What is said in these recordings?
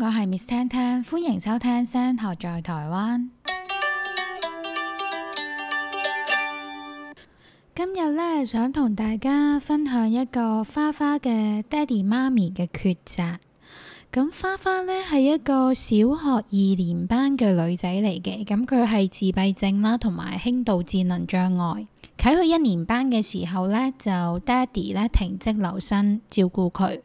我係 Miss 婷婷，tan，歡迎收聽聲《聲學在台灣》。今日呢，想同大家分享一個花花嘅爹哋媽咪嘅抉擇。咁花花呢係一個小學二年班嘅女仔嚟嘅，咁佢係自閉症啦，同埋輕度智能障礙。喺佢一年班嘅時候呢，就爹哋呢停職留薪照顧佢。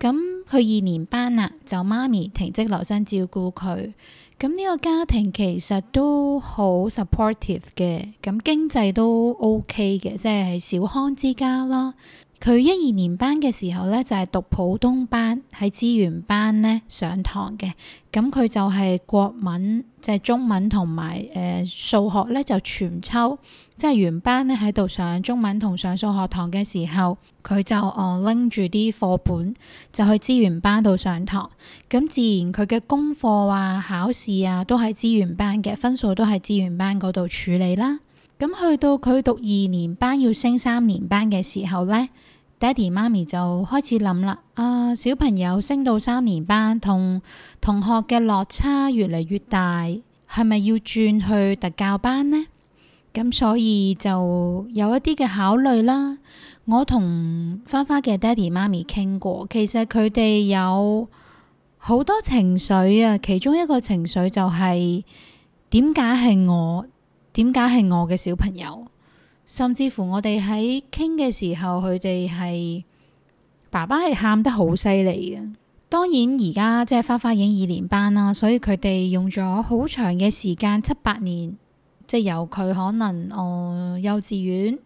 咁佢二年班啦，就媽咪停職留薪照顧佢。咁呢個家庭其實都好 supportive 嘅，咁經濟都 OK 嘅，即係小康之家啦。佢一二年班嘅時候呢，就係讀普通班，喺資源班呢上堂嘅。咁佢就係國文。就係中文同埋誒數學咧，就全抽。即係原班咧喺度上中文同上數學堂嘅時候，佢就哦拎住啲課本就去資源班度上堂。咁自然佢嘅功課啊、考試啊，都係資源班嘅，分數都係資源班嗰度處理啦。咁去到佢讀二年班要升三年班嘅時候咧。爹哋媽咪就開始諗啦，啊，小朋友升到三年班，同同學嘅落差越嚟越大，係咪要轉去特教班呢？咁所以就有一啲嘅考慮啦。我同花花嘅爹哋媽咪傾過，其實佢哋有好多情緒啊。其中一個情緒就係點解係我，點解係我嘅小朋友？甚至乎我哋喺傾嘅時候，佢哋係爸爸係喊得好犀利嘅。當然而家即係花花已經二年班啦，所以佢哋用咗好長嘅時間，七八年，即係由佢可能誒、呃、幼稚園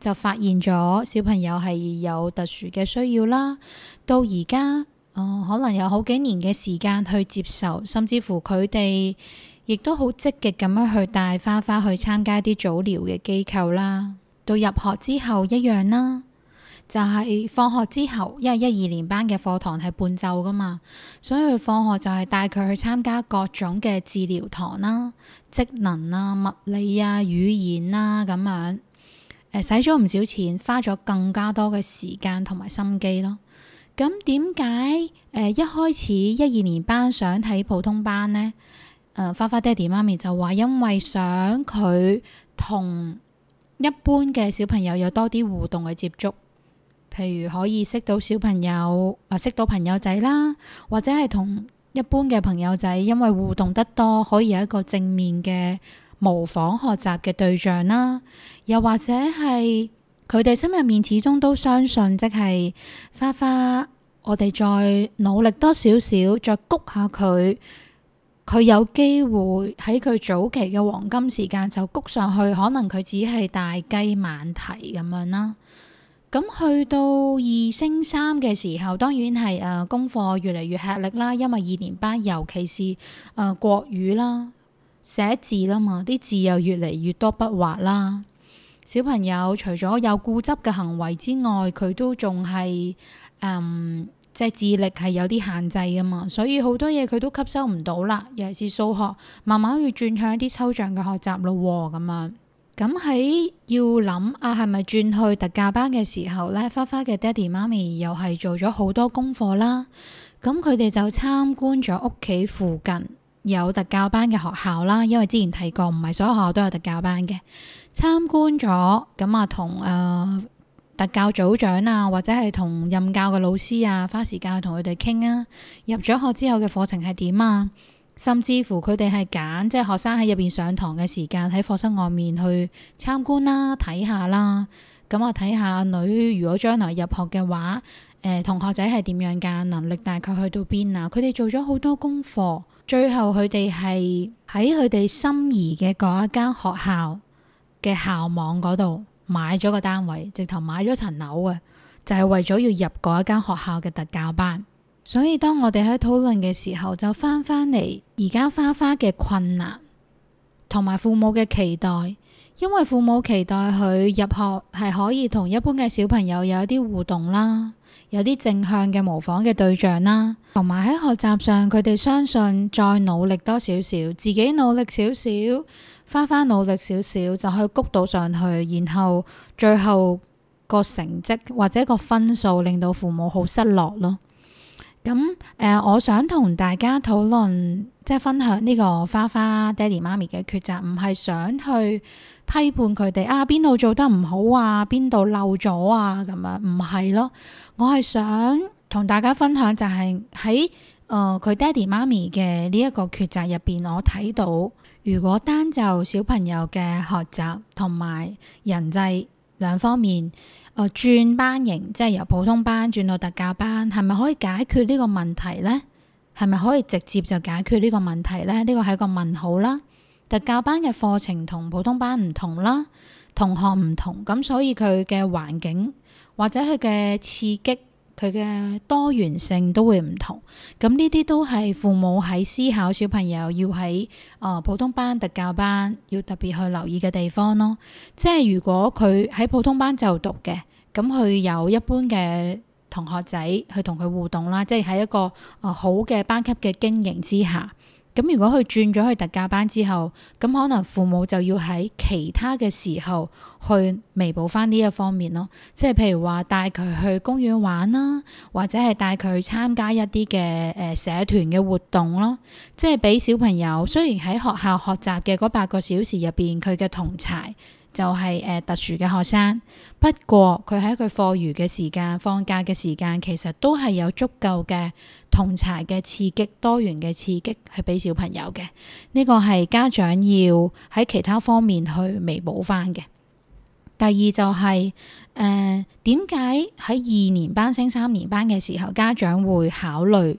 就發現咗小朋友係有特殊嘅需要啦，到而家、呃、可能有好幾年嘅時間去接受，甚至乎佢哋。亦都好積極咁樣去帶花花去參加啲早療嘅機構啦。到入學之後一樣啦，就係、是、放學之後，因為一二年班嘅課堂係半晝噶嘛，所以佢放學就係帶佢去參加各種嘅治療堂啦，職能、啊、物理啊、語言啦、啊、咁樣。使咗唔少錢，花咗更加多嘅時間同埋心機咯。咁點解一開始一二年班想睇普通班呢？誒、嗯、花花爹地媽咪就話，因為想佢同一般嘅小朋友有多啲互動嘅接觸，譬如可以識到小朋友，或、啊、識到朋友仔啦，或者係同一般嘅朋友仔，因為互動得多，可以有一個正面嘅模仿學習嘅對象啦。又或者係佢哋心入面始終都相信，即係花花，我哋再努力多少少，再谷下佢。佢有機會喺佢早期嘅黃金時間就谷上去，可能佢只係大雞晚啼咁樣啦。咁去到二升三嘅時候，當然係誒、呃、功課越嚟越吃力啦，因為二年班，尤其是誒、呃、國語啦、寫字啦嘛，啲字又越嚟越多筆畫啦。小朋友除咗有固執嘅行為之外，佢都仲係誒。嗯即係智力係有啲限制㗎嘛，所以好多嘢佢都吸收唔到啦。尤其是數學，慢慢要轉向一啲抽象嘅學習咯。咁樣咁喺要諗啊，係咪轉去特教班嘅時候呢？花花嘅爹哋媽咪又係做咗好多功課啦。咁佢哋就參觀咗屋企附近有特教班嘅學校啦。因為之前提過，唔係所有學校都有特教班嘅。參觀咗，咁啊同誒。特教組長啊，或者係同任教嘅老師啊，花時間去同佢哋傾啊。入咗學之後嘅課程係點啊？甚至乎佢哋係揀，即係學生喺入邊上堂嘅時間喺課室外面去參觀啦、睇下啦。咁啊睇下女如果將來入學嘅話，誒同學仔係點樣噶？能力大概去到邊啊？佢哋做咗好多功課，最後佢哋係喺佢哋心儀嘅嗰一間學校嘅校網嗰度。買咗個單位，直頭買咗層樓啊！就係為咗要入嗰一間學校嘅特教班。所以當我哋喺討論嘅時候，就翻翻嚟，而家花花嘅困難，同埋父母嘅期待。因為父母期待佢入學係可以同一般嘅小朋友有一啲互動啦，有啲正向嘅模仿嘅對象啦，同埋喺學習上佢哋相信再努力多少少，自己努力少少。花花努力少少就去谷到上去，然後最後個成績或者個分數令到父母好失落咯。咁、嗯、誒、呃，我想同大家討論，即、就、係、是、分享呢個花花爹哋媽咪嘅抉擇，唔係想去批判佢哋啊邊度做得唔好啊，邊度漏咗啊，咁啊，唔係咯。我係想同大家分享就，就係喺誒佢爹哋媽咪嘅呢一個抉擇入邊，我睇到。如果單就小朋友嘅學習同埋人際兩方面，誒、呃、轉班型，即係由普通班轉到特教班，係咪可以解決呢個問題咧？係咪可以直接就解決呢個問題咧？呢個係一個問號啦。特教班嘅課程同普通班唔同啦，同學唔同，咁所以佢嘅環境或者佢嘅刺激，佢嘅多元性都會唔同，咁呢啲都係父母喺思考小朋友要喺啊、呃、普通班、特教班要特別去留意嘅地方咯。即係如果佢喺普通班就讀嘅，咁佢有一般嘅同學仔去同佢互動啦，即係喺一個啊、呃、好嘅班級嘅經營之下。咁如果佢轉咗去特教班之後，咁可能父母就要喺其他嘅時候去彌補翻呢一方面咯，即係譬如話帶佢去公園玩啦，或者係帶佢去參加一啲嘅誒社團嘅活動咯，即係俾小朋友雖然喺學校學習嘅嗰八個小時入邊，佢嘅同儕。就係、是、誒、呃、特殊嘅學生，不過佢喺佢課餘嘅時間、放假嘅時間，其實都係有足夠嘅同儕嘅刺激、多元嘅刺激，係俾小朋友嘅。呢、這個係家長要喺其他方面去彌補翻嘅。第二就係誒點解喺二年班升三年班嘅時候，家長會考慮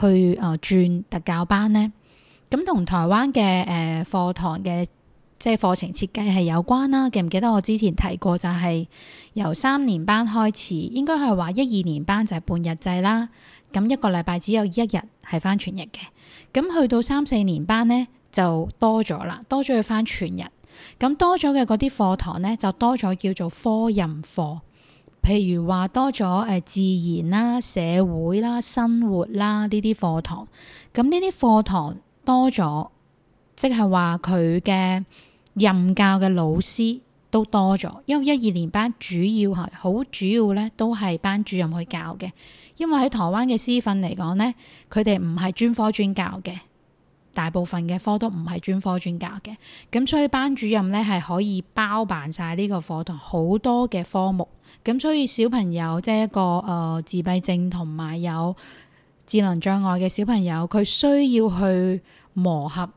去誒、呃、轉特教班呢？咁同台灣嘅誒、呃、課堂嘅。即係課程設計係有關啦，記唔記得我之前提過就係由三年班開始，應該係話一二年班就係半日制啦。咁一個禮拜只有一日係翻全日嘅，咁去到三四年班呢，就多咗啦，多咗去翻全日。咁多咗嘅嗰啲課堂呢，就多咗叫做科任課，譬如話多咗誒自然啦、社會啦、生活啦呢啲課堂。咁呢啲課堂多咗，即係話佢嘅。任教嘅老師都多咗，因為一二年班主要係好主要呢，都係班主任去教嘅。因為喺台灣嘅師訓嚟講呢，佢哋唔係專科專教嘅，大部分嘅科都唔係專科專教嘅。咁所以班主任呢係可以包辦晒呢個課堂好多嘅科目。咁所以小朋友即係、就是、一個誒、呃、自閉症同埋有，有智能障礙嘅小朋友，佢需要去磨合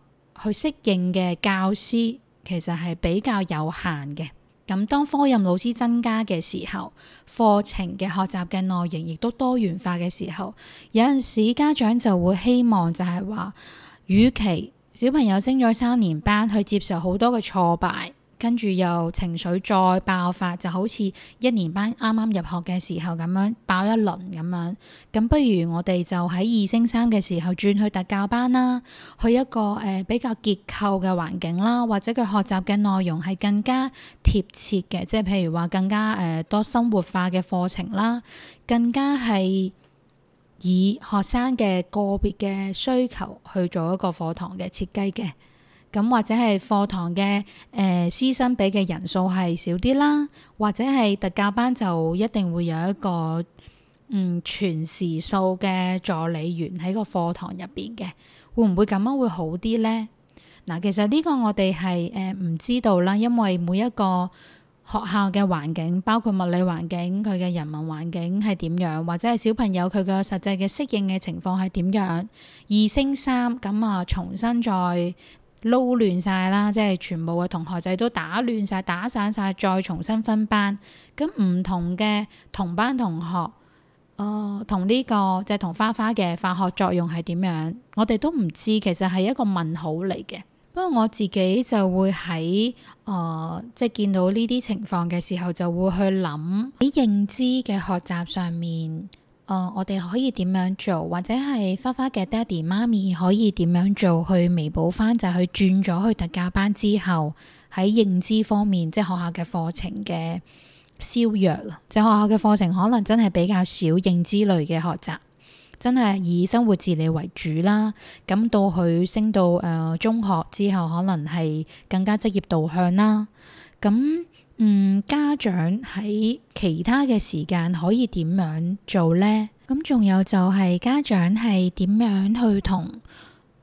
去適應嘅教師其實係比較有限嘅。咁當科任老師增加嘅時候，課程嘅學習嘅內容亦都多元化嘅時候，有陣時家長就會希望就係話，與其小朋友升咗三年班去接受好多嘅挫敗。跟住又情緒再爆發，就好似一年班啱啱入學嘅時候咁樣爆一輪咁樣。咁不如我哋就喺二升三嘅時候轉去特教班啦，去一個誒、呃、比較結構嘅環境啦，或者佢學習嘅內容係更加貼切嘅，即係譬如話更加誒、呃、多生活化嘅課程啦，更加係以學生嘅個別嘅需求去做一個課堂嘅設計嘅。咁或者係課堂嘅誒師生比嘅人數係少啲啦，或者係特教班就一定會有一個嗯全時數嘅助理員喺個課堂入邊嘅，會唔會咁樣會好啲呢？嗱、呃，其實呢個我哋係誒唔知道啦，因為每一個學校嘅環境，包括物理環境佢嘅人文環境係點樣，或者係小朋友佢嘅實際嘅適應嘅情況係點樣，二升三咁啊、呃，重新再。撈亂晒啦，即係全部嘅同學仔都打亂晒、打散晒，再重新分班。咁唔同嘅同班同學，誒、哦、同呢、呢個即係、就是、同花花嘅化學作用係點樣？我哋都唔知。其實係一個問號嚟嘅。不過我自己就會喺誒即係見到呢啲情況嘅時候，就會去諗喺 認知嘅學習上面。誒，uh, 我哋可以點樣做，或者係花花嘅爹地媽咪可以點樣做去彌補翻，就係佢轉咗去特教班之後喺認知方面，即係學校嘅課程嘅削弱啦。即係學校嘅課程可能真係比較少認知類嘅學習，真係以生活自理為主啦。咁到佢升到誒、呃、中學之後，可能係更加職業導向啦。咁。嗯，家長喺其他嘅時間可以點樣做呢？咁仲有就係家長係點樣去同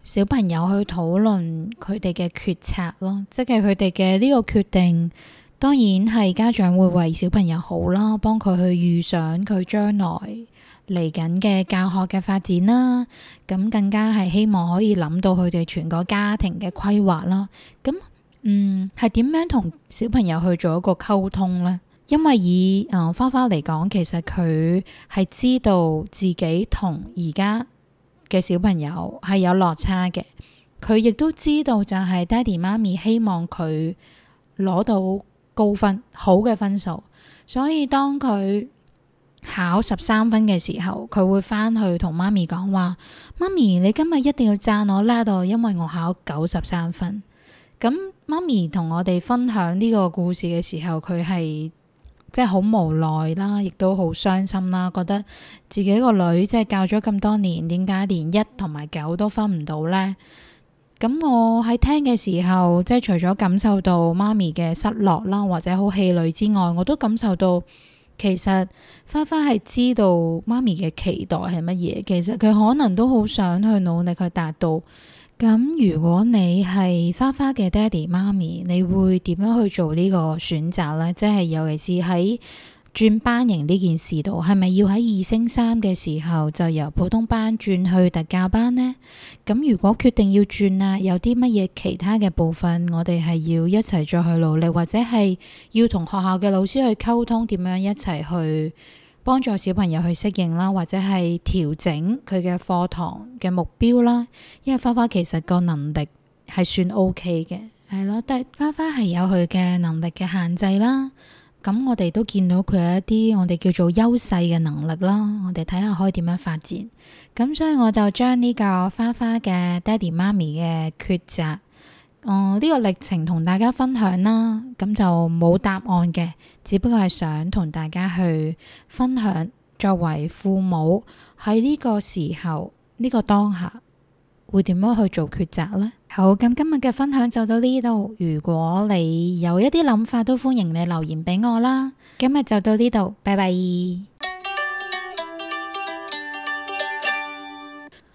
小朋友去討論佢哋嘅決策咯？即係佢哋嘅呢個決定，當然係家長會為小朋友好啦，幫佢去預想佢將來嚟緊嘅教學嘅發展啦。咁更加係希望可以諗到佢哋全個家庭嘅規劃啦。咁。嗯，係點樣同小朋友去做一個溝通呢？因為以誒、呃、花花嚟講，其實佢係知道自己同而家嘅小朋友係有落差嘅，佢亦都知道就係爹哋媽咪希望佢攞到高分，好嘅分數。所以當佢考十三分嘅時候，佢會翻去同媽咪講話：媽咪，你今日一定要讚我啦，度，因為我考九十三分。咁媽咪同我哋分享呢個故事嘅時候，佢係即係好無奈啦，亦都好傷心啦，覺得自己個女即係教咗咁多年，點解連一同埋九都分唔到呢？咁我喺聽嘅時候，即係除咗感受到媽咪嘅失落啦，或者好氣餒之外，我都感受到其實花花係知道媽咪嘅期待係乜嘢，其實佢可能都好想去努力去達到。咁如果你係花花嘅爹哋媽咪，你會點樣去做呢個選擇呢？即係尤其是喺轉班型呢件事度，係咪要喺二升三嘅時候就由普通班轉去特教班呢？咁如果決定要轉啊，有啲乜嘢其他嘅部分，我哋係要一齊再去努力，或者係要同學校嘅老師去溝通，點樣一齊去？幫助小朋友去適應啦，或者係調整佢嘅課堂嘅目標啦。因為花花其實個能力係算 OK 嘅，係咯，但係花花係有佢嘅能力嘅限制啦。咁我哋都見到佢有一啲我哋叫做優勢嘅能力啦，我哋睇下可以點樣發展。咁所以我就將呢個花花嘅爹哋媽咪嘅抉擇，哦，呢個歷程同大家分享啦，咁就冇答案嘅，只不過係想同大家去分享，作為父母喺呢個時候呢個當下會點樣去做抉擇呢？好，哦，咁今日嘅分享就到呢度。如果你有一啲諗法，都歡迎你留言俾我啦。今日就到呢度，拜拜。